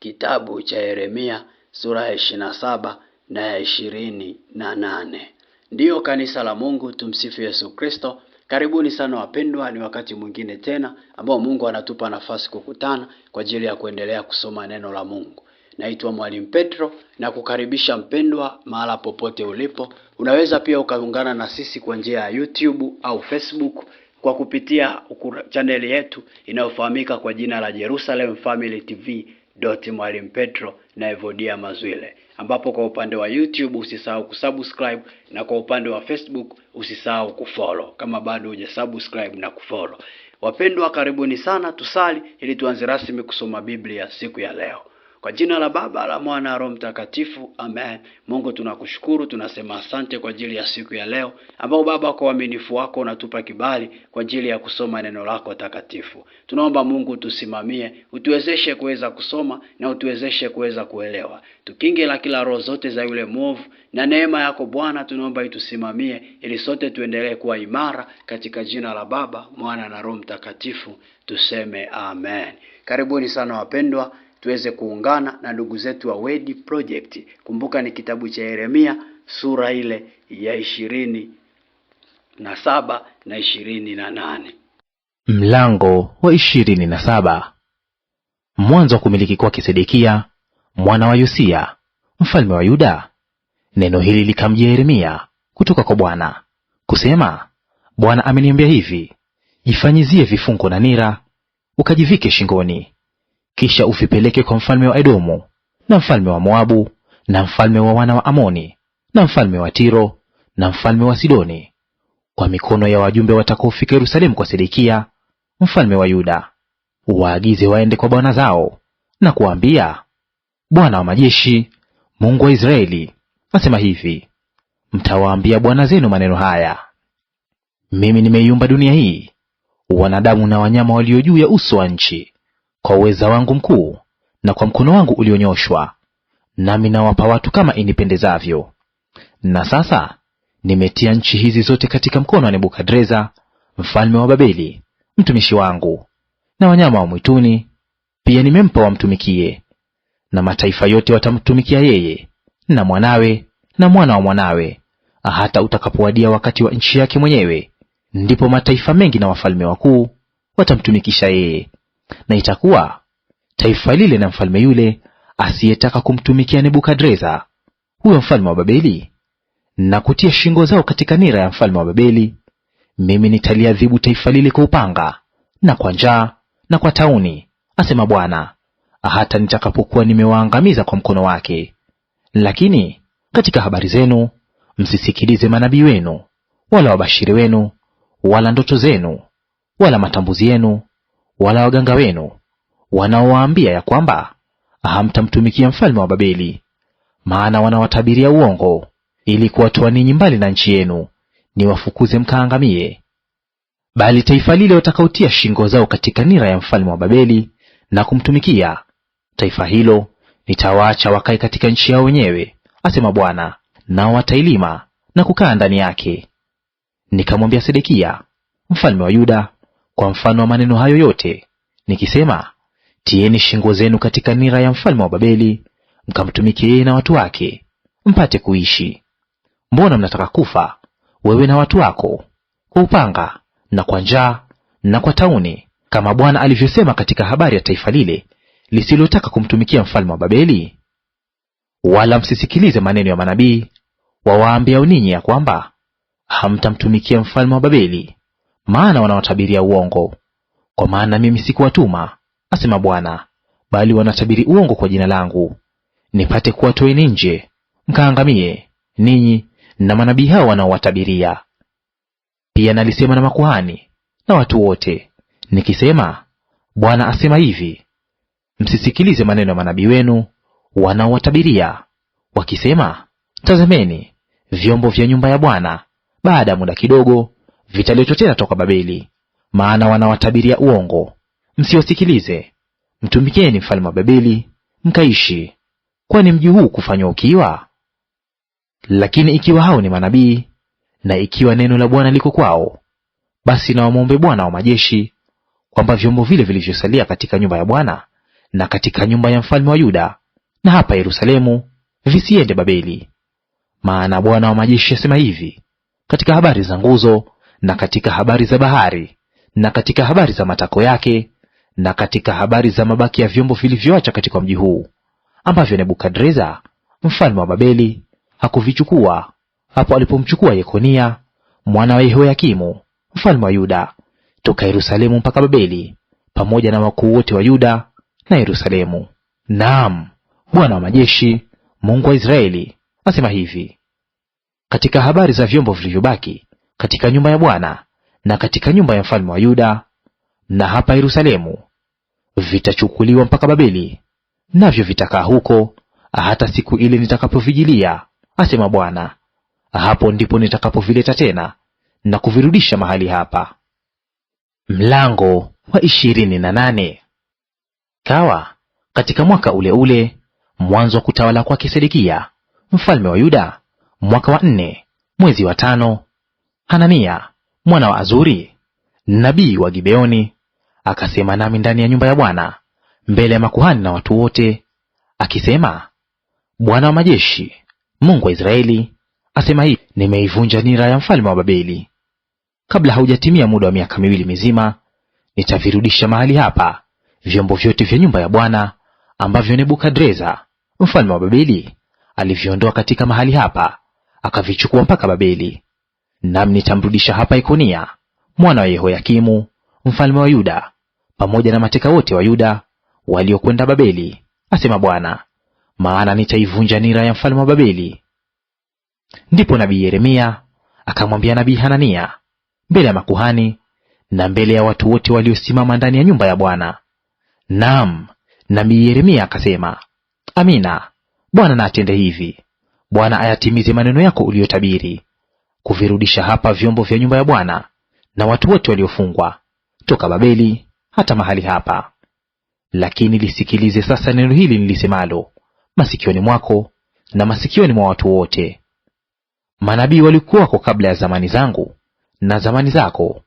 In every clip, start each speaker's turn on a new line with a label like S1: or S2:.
S1: kitabu cha Yeremia sura ya ishirini na saba na ya ishirini na nane. Ndiyo kanisa la Mungu, tumsifu Yesu Kristo. Karibuni sana wapendwa, ni wakati mwingine tena ambao Mungu anatupa nafasi kukutana kwa ajili ya kuendelea kusoma neno la Mungu. Naitwa Mwalimu Petro na kukaribisha mpendwa, mahala popote ulipo. Unaweza pia ukaungana na sisi kwa njia ya YouTube au Facebook kwa kupitia chaneli yetu inayofahamika kwa jina la Jerusalem Family TV doti Mwalimu Petro na Evodia Mazwile, ambapo kwa upande wa YouTube usisahau kusubscribe na kwa upande wa Facebook usisahau kufollow kama bado hujasubscribe na kufollow. Wapendwa, karibuni sana, tusali ili tuanze rasmi kusoma Biblia siku ya leo. Kwa jina la Baba la Mwana Roho Mtakatifu, amen. Mungu tunakushukuru, tunasema asante kwa ajili ya siku ya leo, ambao Baba kwa uaminifu wako unatupa kibali kwa ajili ya kusoma neno lako takatifu. Tunaomba Mungu tusimamie, utuwezeshe kuweza kusoma na utuwezeshe kuweza kuelewa, tukinge la kila roho zote za yule mwovu, na neema yako Bwana tunaomba itusimamie, ili sote tuendelee kuwa imara, katika jina la Baba, Mwana na Roho Mtakatifu tuseme amen. Karibuni sana wapendwa tuweze kuungana na ndugu zetu wa Word Project. Kumbuka ni kitabu cha Yeremia sura ile ya ishirini na saba na ishirini na nane. Mlango wa ishirini na saba. Mwanzo wa kumiliki kwake Sedekia mwana wa Yosia mfalme wa Yuda, neno hili likamjia Yeremia kutoka kwa Bwana kusema, Bwana ameniambia hivi, jifanyizie vifungo na nira, ukajivike shingoni, kisha uvipeleke kwa mfalme wa Edomu na mfalme wa Moabu na mfalme wa wana wa Amoni na mfalme wa Tiro na mfalme wa Sidoni, kwa mikono ya wajumbe watakaofika Yerusalemu kwa Sedekia mfalme wa Yuda. Waagize waende kwa bwana zao na kuwaambia, Bwana wa majeshi, Mungu wa Israeli asema hivi, mtawaambia bwana zenu maneno haya, mimi nimeiumba dunia hii, wanadamu na wanyama walio juu ya uso wa nchi kwa uweza wangu mkuu na kwa mkono wangu ulionyoshwa, nami nawapa watu kama inipendezavyo. Na sasa nimetia nchi hizi zote katika mkono wa Nebukadreza mfalme wa Babeli mtumishi wangu, na wanyama wa mwituni pia nimempa wamtumikie, na mataifa yote watamtumikia yeye na mwanawe na mwana wa mwanawe, hata utakapowadia wakati wa nchi yake mwenyewe, ndipo mataifa mengi na wafalme wakuu watamtumikisha yeye, na itakuwa taifa lile na mfalme yule asiyetaka kumtumikia Nebukadreza huyo mfalme wa Babeli, na kutia shingo zao katika nira ya mfalme wa Babeli, mimi nitaliadhibu taifa lile kwa upanga na kwa njaa na kwa tauni, asema Bwana, hata nitakapokuwa nimewaangamiza kwa mkono wake. Lakini katika habari zenu msisikilize manabii wenu, wala wabashiri wenu, wala ndoto zenu, wala matambuzi yenu, wala waganga wenu wanaowaambia ya kwamba hamtamtumikia mfalme wa Babeli. Maana wanawatabiria uongo ili kuwatoa ninyi mbali na nchi yenu, niwafukuze mkaangamie. Bali taifa lile watakaotia shingo zao katika nira ya mfalme wa Babeli na kumtumikia, taifa hilo nitawaacha wakae katika nchi yao wenyewe, asema Bwana, nao watailima na kukaa ndani yake. Nikamwambia Sedekia mfalme wa Yuda kwa mfano wa maneno hayo yote nikisema, tieni shingo zenu katika nira ya mfalme wa Babeli, mkamtumike yeye na watu wake, mpate kuishi. Mbona mnataka kufa, wewe na watu wako, kwa upanga na kwa njaa na kwa tauni, kama Bwana alivyosema katika habari ya taifa lile lisilotaka kumtumikia mfalme wa Babeli? Wala msisikilize maneno ya manabii wawaambiao ninyi ya kwamba hamtamtumikia mfalme wa Babeli, maana wanawatabiria uongo. Kwa maana mimi sikuwatuma, asema Bwana, bali wanatabiri uongo kwa jina langu, nipate kuwatoeni nje mkaangamie, ninyi na manabii hao wanaowatabiria. Pia nalisema na makuhani na watu wote, nikisema, Bwana asema hivi, msisikilize maneno ya manabii wenu wanaowatabiria wakisema, tazameni vyombo vya nyumba ya Bwana baada ya muda kidogo tena toka Babeli, maana wanawatabiria uongo. Msiwasikilize, mtumikieni mfalme wa Babeli mkaishi. Kwani mji huu kufanywa ukiwa? Lakini ikiwa hao ni manabii na ikiwa neno la Bwana liko kwao, basi na wamwombe Bwana wa majeshi kwamba vyombo vile vilivyosalia katika nyumba ya Bwana na katika nyumba ya mfalme wa Yuda na hapa Yerusalemu visiende Babeli. Maana Bwana wa majeshi asema hivi katika habari za nguzo na katika habari za bahari, na katika habari za matako yake, na katika habari za mabaki ya vyombo vilivyoacha katika mji huu, ambavyo Nebukadreza mfalme wa Babeli hakuvichukua hapo alipomchukua Yekonia mwana wa Yehoyakimu mfalme wa Yuda toka Yerusalemu mpaka Babeli, pamoja na wakuu wote wa Yuda na Yerusalemu. Naam, Bwana wa majeshi, Mungu wa Israeli asema hivi: katika habari za vyombo vilivyobaki katika nyumba ya Bwana na katika nyumba ya mfalme wa Yuda na hapa Yerusalemu, vitachukuliwa mpaka Babeli, navyo vitakaa huko hata siku ile nitakapovijilia, asema Bwana. Hapo ndipo nitakapovileta tena na kuvirudisha mahali hapa. Mlango wa ishirini na nane. Kawa katika mwaka ule ule, mwanzo wa kutawala kwake Sedekia mfalme wa Yuda, mwaka wa nne, mwezi wa tano, Hanania mwana wa Azuri nabii wa Gibeoni akasema nami ndani ya nyumba ya Bwana mbele ya makuhani na watu wote, akisema, Bwana wa majeshi, Mungu wa Israeli, asema hivi, nimeivunja nira ya mfalme wa Babeli. Kabla haujatimia muda wa miaka miwili mizima, nitavirudisha mahali hapa vyombo vyote vya nyumba ya Bwana ambavyo Nebukadreza mfalme wa Babeli alivyoondoa katika mahali hapa akavichukua mpaka Babeli. Nami nitamrudisha hapa Ikonia mwana wa Yehoyakimu mfalme wa Yuda, pamoja na mateka wote wa Yuda waliokwenda Babeli, asema Bwana, maana nitaivunja nira ya mfalme wa Babeli. Ndipo nabii Yeremia akamwambia nabii Hanania mbele ya makuhani na mbele ya watu wote waliosimama ndani ya nyumba ya Bwana. Naam, nabii Yeremia akasema, Amina, Bwana na atende hivi. Bwana ayatimize maneno yako uliyotabiri kuvirudisha hapa vyombo vya nyumba ya Bwana na watu wote waliofungwa toka Babeli hata mahali hapa. Lakini lisikilize sasa neno hili nilisemalo masikioni mwako na masikioni mwa watu wote. Manabii walikuwako kabla ya zamani zangu na zamani zako,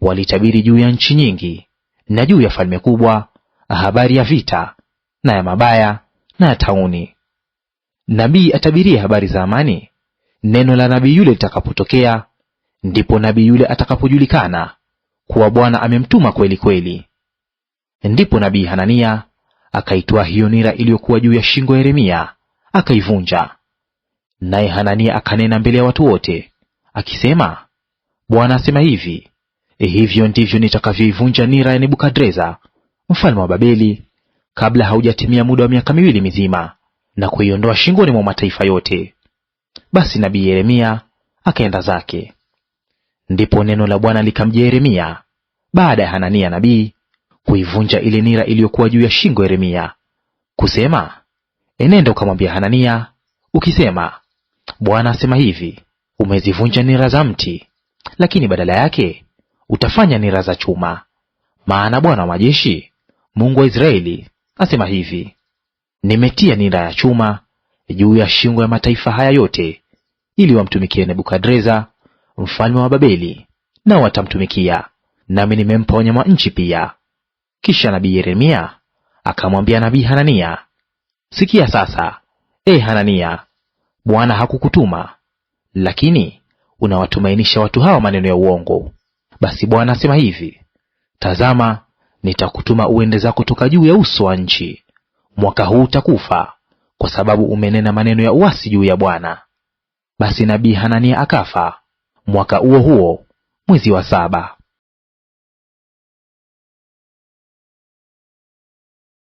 S1: walitabiri juu ya nchi nyingi na juu ya falme kubwa, habari ya vita na ya mabaya na ya tauni. Nabii atabirie habari za amani neno la nabii yule litakapotokea, ndipo nabii yule atakapojulikana kuwa Bwana amemtuma kweli kweli. Ndipo nabii Hanania akaitwa hiyo nira iliyokuwa juu ya shingo ya Yeremia akaivunja. Naye Hanania akanena mbele ya watu wote akisema, Bwana asema hivi, e, hivyo ndivyo nitakavyoivunja nira ya Nebukadreza mfalme wa Babeli kabla haujatimia muda wa miaka miwili mizima, na kuiondoa shingoni mwa mataifa yote. Basi nabii Yeremia akaenda zake. Ndipo neno la Bwana likamjia Yeremia baada ya Hanania nabii kuivunja ile nira iliyokuwa juu ya shingo Yeremia, kusema, enenda ukamwambia Hanania ukisema, Bwana asema hivi, umezivunja nira za mti, lakini badala yake utafanya nira za chuma. Maana Bwana wa majeshi, Mungu wa Israeli, asema hivi, nimetia nira ya chuma juu ya shingo ya mataifa haya yote ili wamtumikie Nebukadreza mfalme wa Babeli, nao watamtumikia; nami nimempa wanyama nchi pia. Kisha nabii Yeremia akamwambia nabii Hanania, sikia sasa, e Hanania, Bwana hakukutuma, lakini unawatumainisha watu hawa maneno ya uongo. Basi Bwana asema hivi, tazama, nitakutuma uende zako toka juu ya uso wa nchi; mwaka huu utakufa, kwa sababu umenena maneno ya uasi juu ya Bwana. Basi nabii Hanania akafa mwaka huo huo mwezi wa saba.